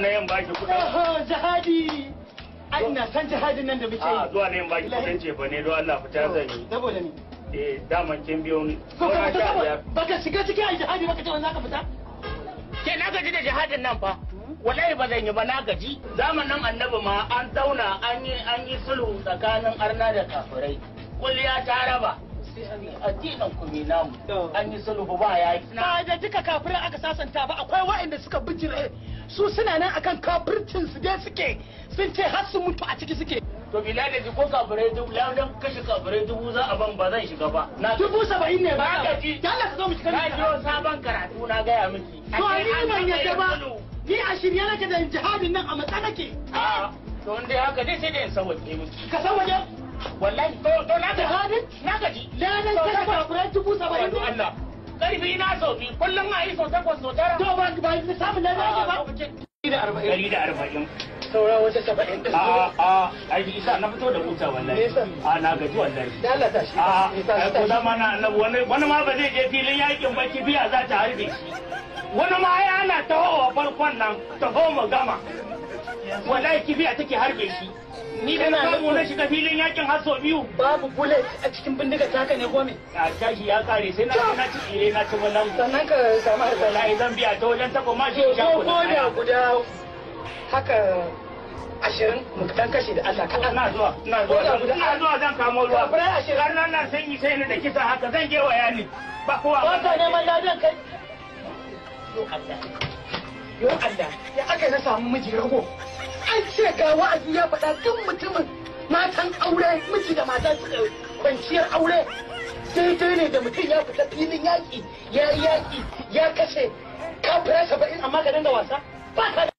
na yin baki kuɗin. Jihadi! Ai ina san jihadin nan da muke yi. Ah, zuwa na yin baki kuɗin ce ba ne don Allah fita zan yi. da ni. Eh daman kin biyo ni. Baka shiga cikin ai jihadi baka ce wani zaka fita? Ke na gaji da jihadin nan fa. Hmm? Wallahi ba zan yi ba na gaji. Zamanin annabi ma an zauna an yi an yi sulhu tsakanin arna da kafirai. Kulliya ta raba. addinin ku ne namu an yi sulhu ba yaki na da duka kafirin aka sasanta ba akwai waɗanda suka bijire su suna nan akan kafircin su dai suke sun ce har su mutu a ciki suke to bila da ko kafirai dubu ladan kashe kafirai dubu za a ban ba zan shiga ba na dubu saba'in ne ba ka ji dala ka zo mu shiga na ji sabon karatu na gaya miki to ni ban yadda ba ni a shirye nake da jihadin nan a matsa nake a to in dai haka dai sai da in sawaje miki ka sawaje wallahi to to na ga na gaji karfi na sau biyu kullum a yi sau takwas sau tara to ba ba ki samu na rage ba ɗari da arba'in saura wata saba'in da a a ai isa na fito da huta wallahi a na gaji wallahi da Allah ta shi a ko da mana wani wani ma ba zai je filin yakin ba kibiya za ta harbe shi wani ma ya na taho a farkon nan taho mu gama wallahi kibiya take harbe shi ni da na samu na shiga filin yakin har sau biyu babu bullet a cikin bindiga taka ne gome a tashi ya kare sai na na ci tsire eh, na ci wannan sannan ka samu sai lai zan biya ta wajen ta ma shi ja ko da guda haka ashirin mutan kashi da Allah kaɗan na zuwa na zuwa na zuwa zan kamo ruwa bare ashirin har nan nan sanyi sai ni da kisa haka zan je wa yani ba kowa ba ta neman ladan kai yo Allah yo Allah ya aka na samu miji rago an ce ga wa'azi ya faɗa duk mutumin matan aure miji da mata suka kwanciyar aure dai ne da mutum ya fita filin yaƙi ya yaki yaƙi ya kashe fara saba'in amma ka dinga wasa ba ka